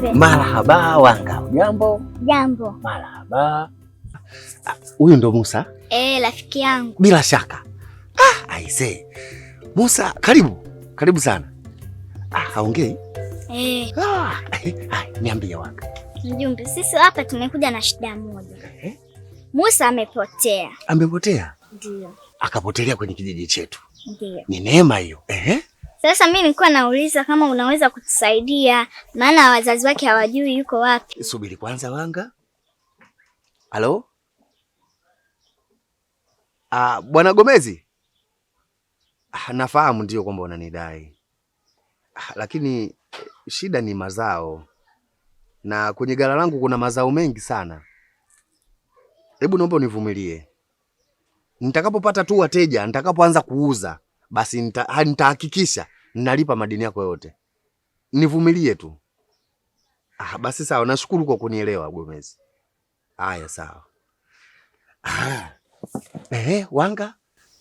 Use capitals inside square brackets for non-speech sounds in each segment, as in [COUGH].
Jembe. Marahaba wanga. Jambo. Jambo. Marhaba. Huyu ndo Musa? Eh, rafiki yangu. Bila shaka. Ah, aise. Musa, karibu. Karibu sana. Ah, haongei? Eh. Ah, niambie wanga. Mjumbe, sisi hapa tumekuja na shida moja. Eh? Musa amepotea. Amepotea? Ndio. Akapotelea kwenye kijiji chetu. Ndio. Ni neema hiyo. Eh? Sasa mimi nilikuwa nauliza kama unaweza kutusaidia, maana wazazi wake hawajui yuko wapi. Subiri kwanza, wanga. Halo, ah, bwana Gomezi, ah, nafahamu ndio kwamba unanidai ah, lakini eh, shida ni mazao na kwenye gala langu kuna mazao mengi sana. Hebu naomba univumilie, nitakapopata tu wateja, nitakapoanza kuuza basi nitahakikisha nalipa madeni yako yote, nivumilie tu. Ah, basi sawa, nashukuru kwa kunielewa Gomezi. Haya, sawa. Ah, eh, Wanga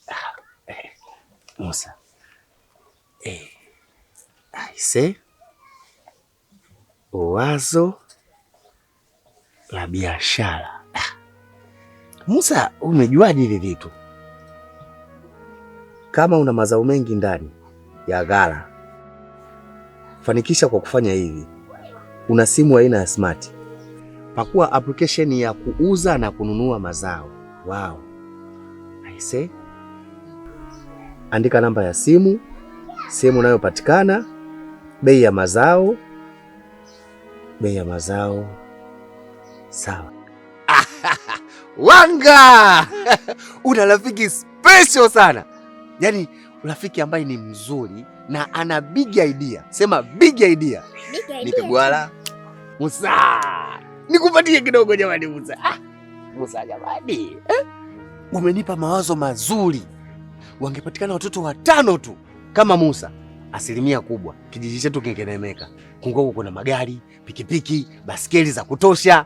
ah, eh, Musa eh, aise wazo la biashara ah. Musa, umejuaje hivi vitu? Kama una mazao mengi ndani ya ghala. Fanikisha kwa kufanya hivi: una simu aina ya smart, pakua application ya kuuza na kununua mazao. Wow. say. Eh? andika namba ya simu, sehemu unayopatikana, bei ya mazao, bei ya mazao. Sawa. [LAUGHS] Wanga, [LAUGHS] una rafiki special sana, yaani rafiki ambaye ni mzuri na ana big idea. Sema big idea. Nipe bwala Musa, nikupatie kidogo jamani. Musa, ah, Musa jamani eh? Umenipa mawazo mazuri. Wangepatikana watoto watano tu kama Musa, asilimia kubwa kijiji chetu kingenemeka. Kungoko kuna magari, pikipiki, baskeli za kutosha.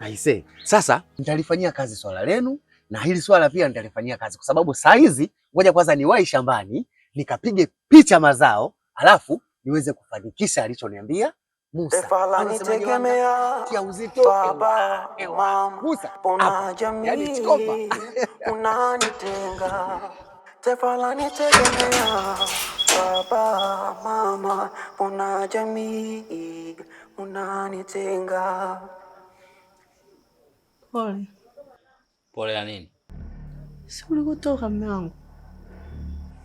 Aise, sasa nitalifanyia kazi swala lenu na hili swala pia nitalifanyia kazi kwa sababu saa hizi ngoja kwanza niwahi shambani nikapige picha mazao, alafu niweze kufanikisha alichoniambia Musa. unanitenga Pole. Pole ya nini? Si ulikotoka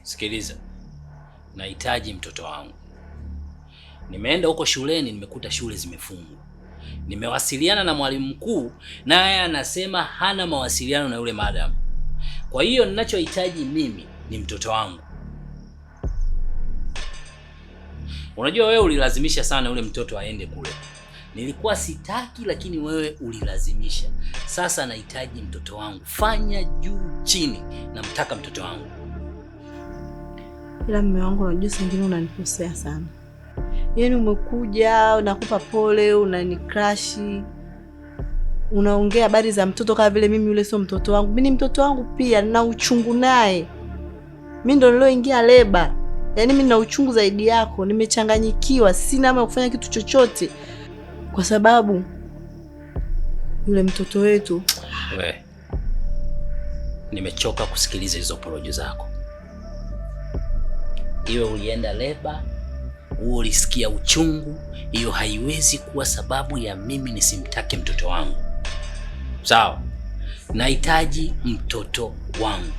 Sikiliza, nahitaji mtoto wangu. Nimeenda huko shuleni, nimekuta shule zimefungwa. Nimewasiliana na mwalimu mkuu, naye anasema hana mawasiliano na yule madam. Kwa hiyo ninachohitaji mimi ni mtoto wangu. Unajua, wewe ulilazimisha sana yule mtoto aende kule. Nilikuwa sitaki, lakini wewe ulilazimisha. Sasa nahitaji mtoto wangu, fanya juu chini, namtaka mtoto wangu ila mume wangu, unajua singine unanikosea sana. Yaani umekuja unakupa pole, unanikrashi, unaongea habari za mtoto kama vile mimi yule sio mtoto wangu. Mimi ni mtoto wangu pia, na uchungu naye. Mimi ndo nilioingia leba, yaani mimi nina uchungu zaidi yako. Nimechanganyikiwa, sina hamu ya kufanya kitu chochote kwa sababu yule mtoto wetu. We, nimechoka kusikiliza hizo porojo zako iwe ulienda leba, huo ulisikia uchungu, hiyo haiwezi kuwa sababu ya mimi nisimtake mtoto wangu. Sawa, nahitaji mtoto wangu.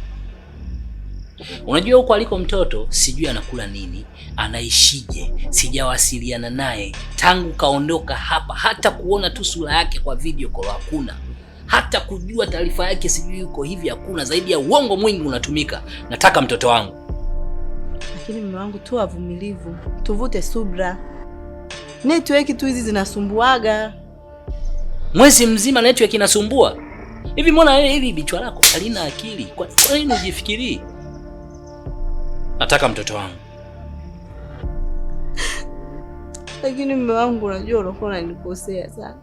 Unajua huko aliko mtoto, sijui anakula nini, anaishije, sijawasiliana naye tangu kaondoka hapa. Hata kuona tu sura yake kwa video call hakuna, hata kujua taarifa yake sijui yuko hivi hakuna, zaidi ya uongo mwingi unatumika. Nataka mtoto wangu. Lakini mume wangu, tu wavumilivu, tuvute subra. Network tu hizi zinasumbuaga. Mwezi mzima network inasumbua hivi? Mbona wewe hivi bichwa lako halina akili? Kwa nini ujifikirii? Nataka mtoto wangu. [LAUGHS] Lakini mume wangu, unajua unakuwa unanikosea sana.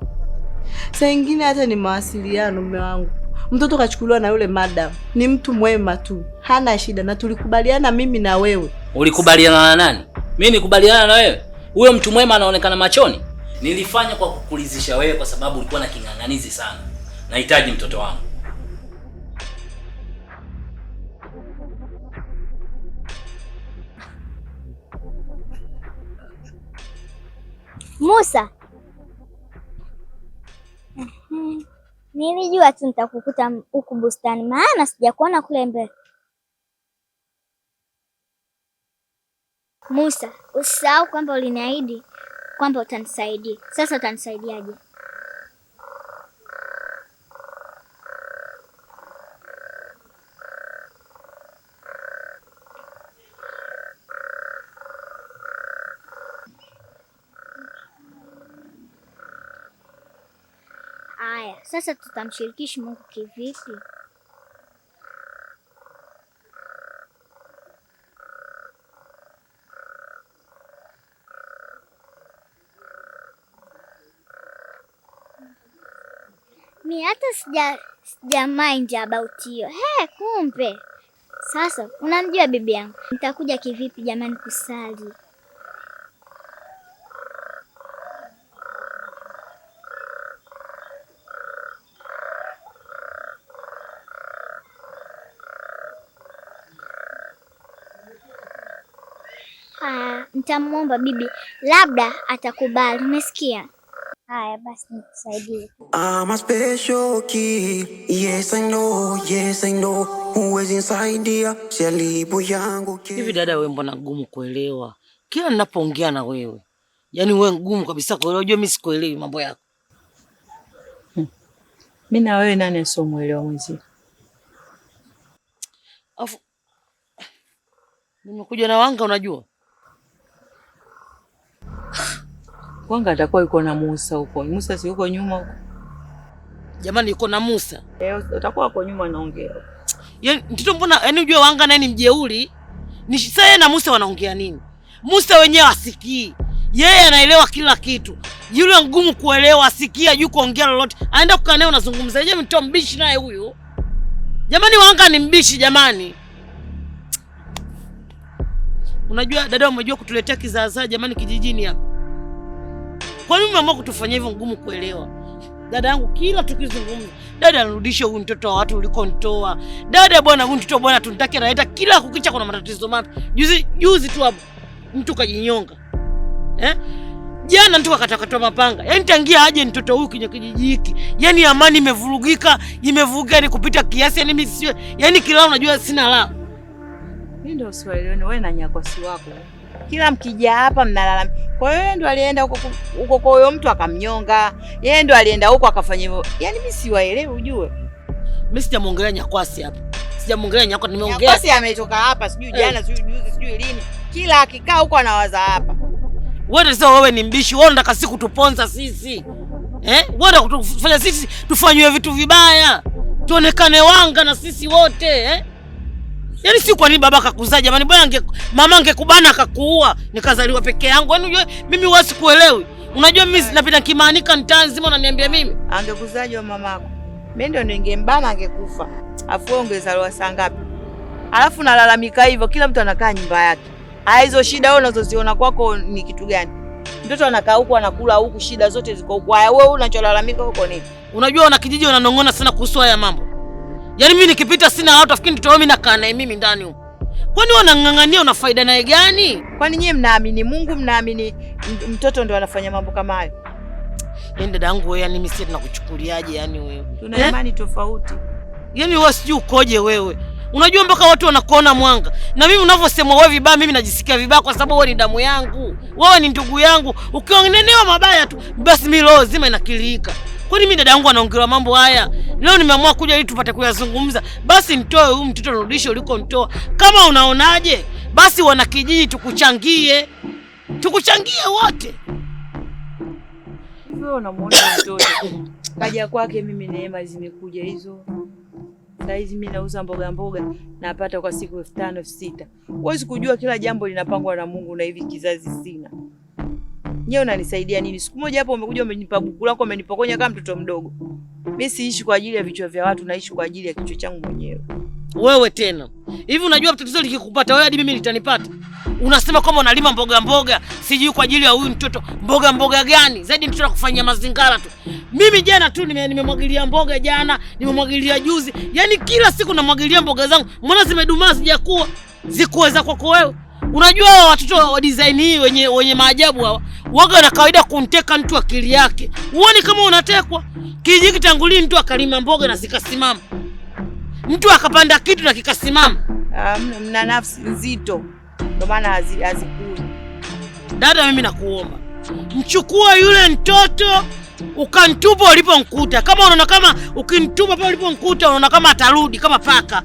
Saa ingine, hata ni mawasiliano, mume wangu mtoto kachukuliwa na yule madam, ni mtu mwema tu, hana shida, na tulikubaliana mimi na wewe Ulikubaliana na nani? Mimi nikubaliana na wewe? Huyo mtu mwema anaonekana machoni. Nilifanya kwa kukulizisha wewe, kwa sababu ulikuwa na king'ang'anizi sana. Nahitaji mtoto wangu. Musa, mhm. nilijua tu nitakukuta huku bustani, maana sijakuona kule mbele. Musa, usisahau kwamba uliniahidi kwamba utanisaidia. Sasa utanisaidiaje? sasa tutamshirikisha Mungu kivipi? mi hata sija sija mind about hiyo. He, kumbe sasa unamjua bibi yangu. Nitakuja kivipi jamani kusali? Nitamwomba bibi, labda atakubali. Umesikia? I'm a special kid. Yes, I know. Yes, I know. Huwezi nisaidia shalibu yangu ki- Hivi dada, wewe mbona ngumu kuelewa? Kila ninapoongea na wewe, yaani wewe ngumu kabisa kuelewa. Unajua mimi sikuelewi mambo yako. Hmm. Mi na wewe nani asiomwelewa mwenzie? Alafu nimekuja na wanga, unajua Kwanga atakuwa yuko na Musa huko. Musa si yuko nyuma huko? Jamani, yuko na Musa eh, utakuwa uko nyuma naongea. Yaani mtoto mbona, yaani unajua Wanga naye ni mjeuri. Ni sasa yeye na Musa wanaongea nini? Musa wenyewe asikii. Yeye anaelewa kila kitu. Yule ngumu kuelewa, asikia juu kuongea lolote. Aenda kukaa naye unazungumza. Yeye mtoto mbishi naye huyo. Jamani, Wanga ni mbishi jamani. Unajua dada, umejua kutuletea kizaazaa jamani kijijini hapa. Kwa nini mama kutufanyia hivyo ngumu kuelewa? Dada yangu kila tukizungumza, dada anarudisha huyu mtoto wa watu ulikontoa. Dada bwana, huyu mtoto bwana tunataka raita, kila kukicha kuna matatizo mapi. Juzi juzi tu hapo mtu kajinyonga. Eh? Jana mtu akatakatwa mapanga. Yaani tangia aje mtoto huyu kwenye kijiji hiki. Yaani amani imevurugika, imevuruga ni yaani kupita kiasi, yani mimi sio. Yaani kila unajua sina la. Mimi ndio siwaelewi wewe na nyakwasi wako. Kila mkija hapa mnalalamika. Kwa hiyo yeye ndo alienda huko kwa huyo mtu akamnyonga, yeye ndo alienda huko akafanya hivyo. Yaani mimi siwaelewi, ujue mimi sijamwongelea Nyakwasi hapa, sijamwongelea Nyakwasi, nimeongea Nyakwasi. Ametoka hapa sijui eh. jana sijui juzi sijui lini, kila akikaa huko anawaza hapa. Wewe sasa, wewe ni mbishi, wewe unataka si kutuponza sisi eh? Wewe unataka kutufanya sisi tufanywe vitu vibaya, tuonekane wanga na sisi wote eh? Yaani si kwa nini baba akakuzaa jamani? Bwana ange mama angekubana akakuua, nikazaliwa peke yangu. Yaani unajua mimi huwa sikuelewi. Unajua mimi napita kimaanika mtaa nzima unaniambia mimi. Angekuzaa mamako. Mimi ndio ningembana angekufa. Afu wewe ungezaliwa saa ngapi? Alafu nalalamika hivyo kila mtu anakaa nyumba yake. Haya, ah, hizo shida wewe unazoziona kwako ni kitu gani? Mtoto anakaa huku anakula huku, shida zote ziko huku. Haya, wewe unacholalamika huko nini? Unajua wana kijiji wananong'ona sana kuhusu haya mambo. Yaani mimi nikipita sina watu afikini mtoto mimi nakaa naye mimi ndani huko. Kwani wewe unang'ang'ania una faida naye gani? Kwani nyie mnaamini Mungu, mnaamini mtoto ndio anafanya mambo kama hayo? Yaani dadangu wewe, yani mimi si tunakuchukuliaje yani wewe? Tuna eh? imani tofauti. Yaani wewe sijui ukoje wewe. Unajua mpaka watu wanakuona mwanga. Na mimi unavyosema wewe vibaya, mimi najisikia vibaya kwa sababu wewe ni damu yangu. Wewe ni ndugu yangu. Ukionenewa mabaya tu, basi mimi roho zima inakilika. Kwani mimi dada yangu anaongelea mambo haya? Leo nimeamua kuja ili tupate kuyazungumza. Basi mtoe huyu mtoto nirudishe ulikomtoa. Kama unaonaje? Basi wanakijiji tukuchangie. Tukuchangie wote. Wewe unamwona mtoto. Kaja kwake mimi neema zimekuja hizo. Saizi mimi nauza mboga mboga napata kwa siku elfu tano elfu sita. Huwezi kujua kila jambo linapangwa na Mungu na hivi kizazi sina. Je, unanisaidia nini? Siku moja hapo umekuja umenipa buku lako umenipokonya kama mtoto mdogo. Mimi siishi kwa ajili ya vichwa vya watu, naishi kwa ajili ya kichwa changu mwenyewe. Wewe tena hivi, unajua tatizo likikupata wewe hadi mimi litanipata. Unasema kwamba unalima mboga mboga, sijui kwa ajili ya huyu mtoto. Mboga mboga gani? Zaidi mtoto akufanyia mazingara tu. Mimi jana tu nimemwagilia nime mboga jana, nimemwagilia juzi, yaani kila siku namwagilia mboga zangu, mbona zimedumaa, sijakuwa zikuweza kwako wewe Unajua hao watoto wa design hii wenye, wenye maajabu hawa waga na kawaida kumteka mtu akili yake. Uone kama unatekwa kijiji kitangulii, mtu akalima mboga na zikasimama, mtu akapanda kitu na kikasimama. Uh, mna nafsi nzito ndio maana hazikui. Dada, mimi nakuomba mchukua yule mtoto ukamtupa ulipomkuta. Kama unaona kama ukimtupa pale ulipomkuta unaona kama atarudi kama paka,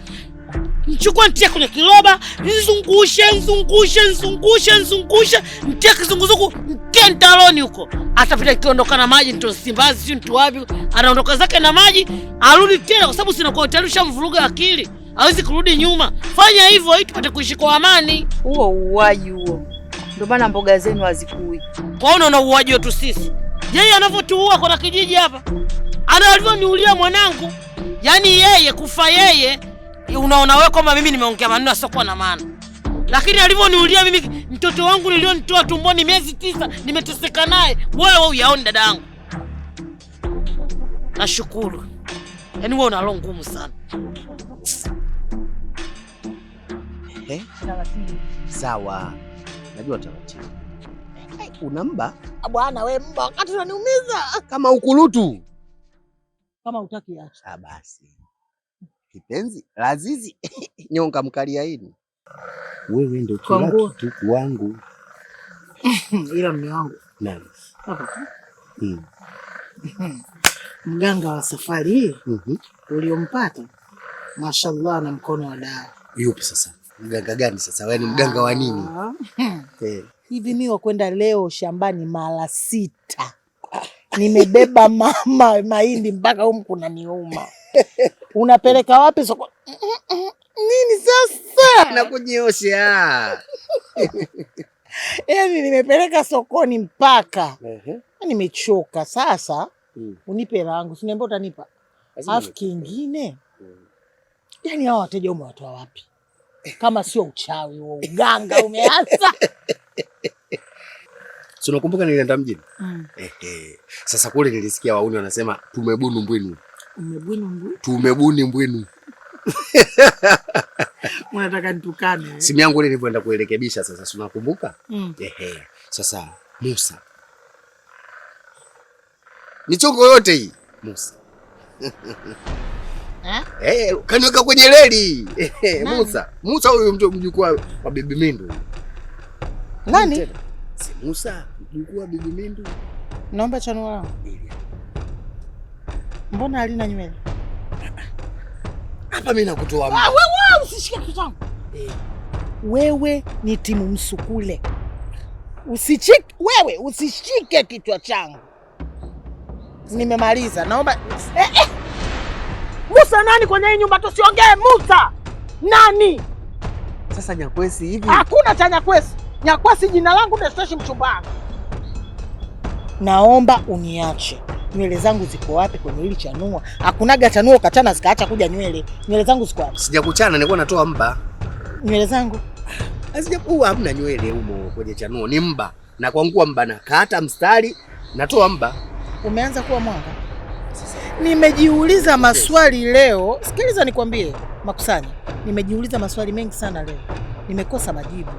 mchukue ntia kwenye kiroba, nzungushe nzungushe nzungushe nzungushe, ntia kizunguzuku, ntia ntaloni huko, atapita kiondoka na maji, nto Simbazi sio nto wapi, anaondoka zake na maji, arudi tena, kwa sababu sinakuwa tayari ushamvuruga akili, hawezi kurudi nyuma. Fanya hivyo ili tupate kuishi kwa amani. Huo uwaji huo, ndio maana mboga zenu hazikui. Kwa hiyo na uwaji wetu sisi, yeye anavyotuua kwa kijiji hapa, anaalivyoniulia mwanangu, yaani yeye kufa yeye unaona wewe kama mimi nimeongea maneno yasiokuwa na maana, lakini alivyoniulia mimi mtoto wangu nilionitoa tumboni miezi tisa nimeteseka naye, wewe uyaoni dada yangu. Nashukuru yaani wewe una roho ngumu sana eh? Sawa, najua taratibu. Hey, eh, unamba ah, bwana we mba wakati unaniumiza kama ukurutu, kama utaki acha ah, basi kipenzi lazizi [LAUGHS] nyonga mkalia ini wewe ndio kila kitu kwangu, [LAUGHS] ila mme wangu nani hmm. [LAUGHS] mganga wa safari hii mm -hmm. uliompata mashallah na mkono wa dawa yupi sasa mganga gani sasa wewe ni mganga wa nini eh. hivi mimi wakwenda leo shambani mara sita nimebeba mama mahindi mpaka huku kunaniuma unapeleka wapi soko? Nini sasa? Eh. nakunyosha [LAUGHS] Yaani nimepeleka sokoni mpaka yaani nimechoka sasa. Mm. Unipe langu yangu, si utanipa. Alafu kingine mm. Yaani hao wateja umewatoa wapi? Kama sio uchawi wa uganga umeanza. Si unakumbuka nilienda mjini? Mm. Eh, eh. Sasa kule nilisikia wauni wanasema tumebunu mbwinu tumebuni eh, mbwinu mnataka [LAUGHS] nitukane. Eh? Simu yangu ile nilivyoenda kuirekebisha sasa, si unakumbuka? Mm. Ehe. Sasa Musa, michongo yote hii Musa [LAUGHS] eh? hey, eh, kaniweka kwenye reli Musa, Musa huyu mtu mjukuu wa Bibi Mindu. Nani? Si Musa mjukuu wa Bibi Mindu. Naomba chanua Mbona alina nywele? Hapa mimi nakutoa ah, wewe. Wewe usishike kitu changu. Eh. Wewe ni timu msukule. Usichike wewe, usishike kichwa changu. Nimemaliza. Naomba eh, eh. Musa nani kwenye hii nyumba tusiongee Musa. Nani? Sasa Nyakwesi hivi. Hakuna cha Nyakwesi. Nyakwesi jina langu na steshi mchumba. Naomba uniache nywele zangu ziko wapi kwenye hili chanua? Hakunaga chanua ukachana zikaacha kuja nywele. Nywele zangu ziko wapi? Sijakuchana, nilikuwa natoa mba. Nywele zangu hazijakuwa, hamna nywele humo kwenye chanua ni mba. Na kwangua mba na mstari, natoa mba. Umeanza kuwa mwanga. Nimejiuliza maswali leo. Sikiliza nikwambie, Makusanya, nimejiuliza maswali mengi sana leo, nimekosa majibu.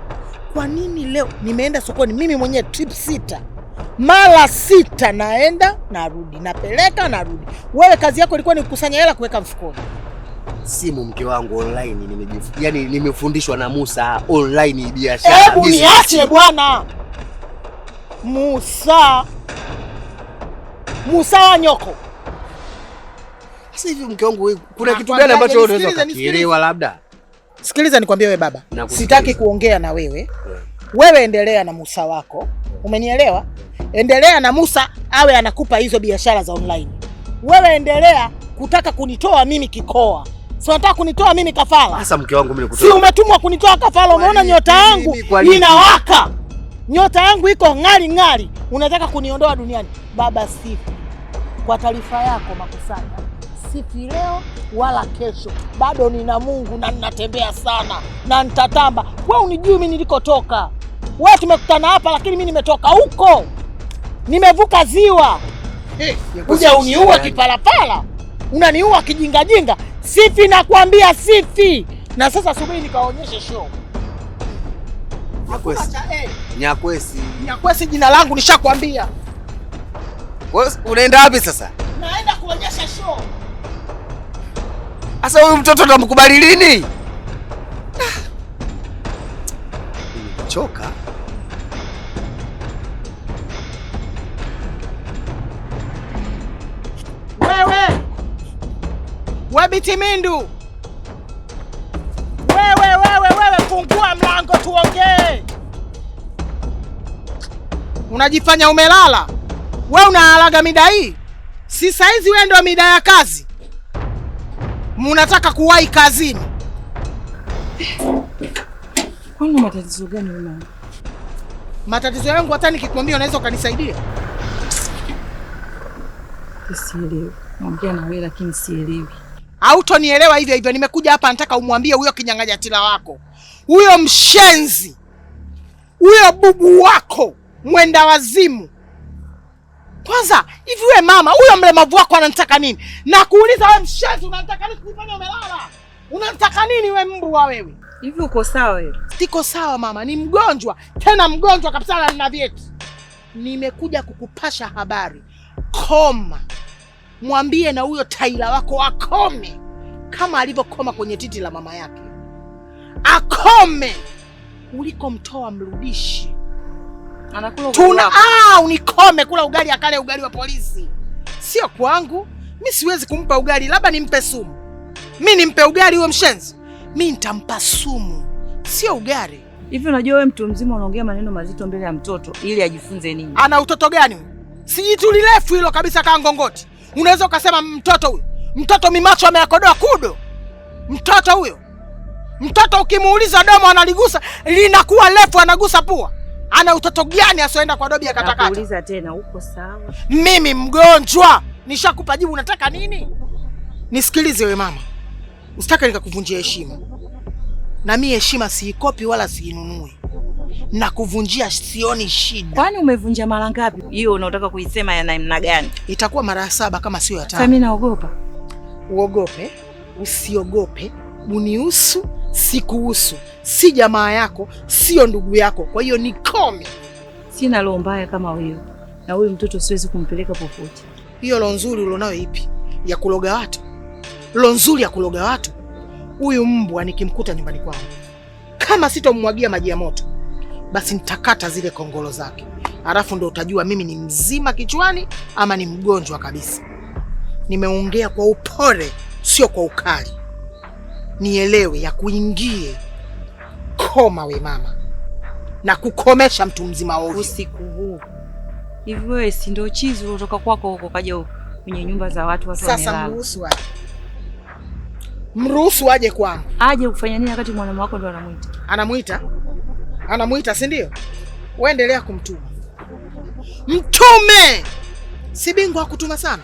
Kwa nini leo nimeenda sokoni mimi mwenyewe trip sita mara sita, naenda narudi, napeleka narudi. Wewe kazi yako ilikuwa ni kukusanya hela kuweka mfukoni. Simu mke wangu online, nimejifunza yani, nimefundishwa na Musa online biashara. Hebu niache bwana Musa, Musa wa nyoko. Sasa hivi mke wangu, kuna kitu gani ambacho unaweza kukielewa? Labda sikiliza nikwambie, wewe baba, sitaki kuongea na wewe yeah. Wewe endelea na Musa wako Umenielewa? Endelea na Musa awe anakupa hizo biashara za online. Wewe endelea kutaka kunitoa mimi kikoa. Si unataka kunitoa mimi kafara? Sasa mke wangu mimi nikutoa. Si umetumwa kunitoa kafara, umeona nyota yangu inawaka. Nyota yangu iko ng'ali ng'ali. Unataka kuniondoa duniani. Baba sifu. Kwa taarifa yako makusanya. Sifi leo wala kesho. Bado nina Mungu na ninatembea sana na nitatamba. Wewe unijui mimi nilikotoka wewe tumekutana hapa, lakini mimi nimetoka huko, nimevuka ziwa hey, eh, uja uniua kipalapala, unaniua kijingajinga. Sifi nakwambia, sifi. Na sasa subiri nikaonyeshe show Nyakwesi. Nyakwesi. Nyakwesi jina langu nishakwambia. Unaenda wapi sasa? Naenda kuonyesha show. Sasa huyu mtoto utamkubali lini? Ah. Choka. wewe we Biti Mindu, wewe wewe wewe, fungua mlango tuongee. Unajifanya umelala we, unaalaga mida hii? Si saizi wewe ndio mida ya kazi, munataka kuwahi kazini. Kwani matatizo gani una? Matatizo yangu hata nikikwambia unaweza ukanisaidia? Sielewi naongea na wewe lakini sielewi. Hautonielewa hivyo hivyo. Nimekuja hapa nataka umwambie huyo kinyang'anyatila wako, huyo mshenzi, huyo bubu wako mwenda wazimu. Kwanza hivi wewe mama, huyo mlemavu wako ananitaka nini? Na kuuliza wewe mshenzi, unataka nini? Kujifanya umelala, unanitaka nini wewe mbwa wewe? Hivi uko sawa wewe? Siko sawa mama, ni mgonjwa tena mgonjwa kabisa, na nina vyeti. Nimekuja kukupasha habari koma mwambie na huyo Taila wako akome kama alivyokoma kwenye titi la mama yake, akome mtoa mrudishi. Anakula tuna aa, ah, unikome kula ugali, akale ugali wa polisi. Sio kwangu, mi siwezi kumpa ugali, labda nimpe sumu. Mi nimpe ugali huyo mshenzi? Mi nitampa sumu, sio ugali. Hivi unajua wewe mtu mzima unaongea maneno mazito mbele ya mtoto ili ajifunze nini? Ana utoto gani? Sijitulirefu hilo kabisa, kaa ngongoti Unaweza ukasema mtoto huyo, mtoto mimacho ameyakodoa kudo, mtoto huyo, mtoto ukimuuliza domo analigusa linakuwa refu, anagusa pua. Ana utoto gani asioenda kwa dobi ya katakata? tena, uko sawa? Mimi mgonjwa, nishakupa jibu. Unataka nini? Nisikilize we mama, usitake nikakuvunjia heshima, na mimi heshima siikopi wala siinunui na kuvunjia sioni shida. Kwani umevunja mara ngapi? Hiyo unataka kuisema ya namna gani? Itakuwa mara ya saba kama sio ya tano. Mimi naogopa. Uogope, usiogope, unihusu sikuhusu, si jamaa yako, sio ndugu yako, kwa hiyo ni komi. Sina roho mbaya kama wewe, na huyu mtoto siwezi kumpeleka popote. Hiyo roho nzuri ulionayo ipi? Ya kuloga watu? Roho nzuri ya kuloga watu? Huyu mbwa nikimkuta nyumbani kwangu, kama sitomwagia maji ya moto basi nitakata zile kongolo zake, alafu ndo utajua mimi ni mzima kichwani ama ni mgonjwa kabisa. Nimeongea kwa upole, sio kwa ukali, nielewe ya kuingie koma we mama na kukomesha mtu mzima ovyo. Usiku huu hivi wewe, si ndio chizi unatoka kwako huko kaja kwenye nyumba za watu watu sasa Mruhusu aje, mruhusu aje kwangu, aje kufanya nini wakati mwanamume wako ndo Anamuita? anamwita Anamwita si ndio? Waendelea kumtuma, mtume. Si bingwa akutuma sana.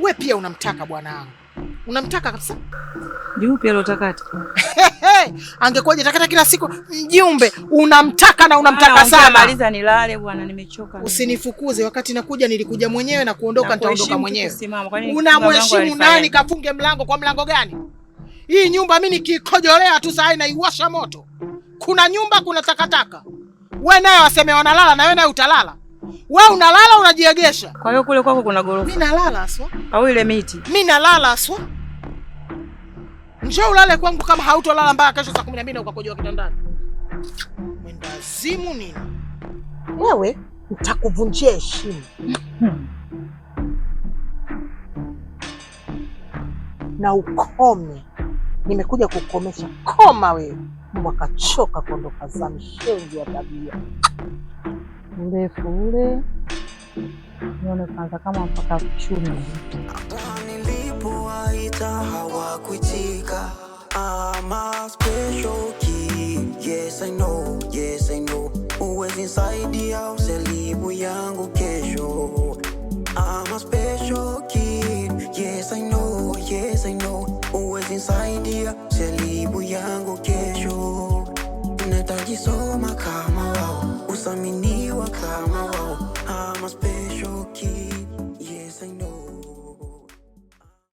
We pia unamtaka bwana wangu, unamtaka kabisa. Jeupe alotakata angekuwaje? Takata kila siku mjumbe, unamtaka na unamtaka sana. Maliza nilale bwana, nimechoka. Usinifukuze wakati nakuja, nilikuja mwenyewe na kuondoka, nitaondoka mwenyewe. Unamheshimu nani? Kafunge mlango. Kwa mlango gani? Hii nyumba mimi nikikojolea tu saa hii naiwasha moto kuna nyumba, kuna takataka. We naye waseme wanalala, na we naye utalala. We unalala unajiegesha. Kwa hiyo kule kwako kuna gorofa. Mimi nalala aswa. Au ile miti. Mimi nalala aswa. Njoo ulale kwangu kama hautolala mpaka kesho saa 12 ukakojoa kitandani. Mwenda zimu nini? Wewe nitakuvunjia heshima. Na ukome. Nimekuja kukomesha. Koma wewe humu akachoka kuondoka zami, shenzi ya tabia mrefu ule nione kwanza kama mpaka chumi. Hata nilipowaita hawakuitika. I'm a special kid. Yes, I know. Yes, I know. Uwezi nisaidia uselibu yangu kesho. I'm a special kid. Yes, I know. Yes, I know. Uwezi nisaidia uselibu yangu kesho. Hawajasoma kama wao, usaminiwa kama wao. I'm special kid. Yes, I know.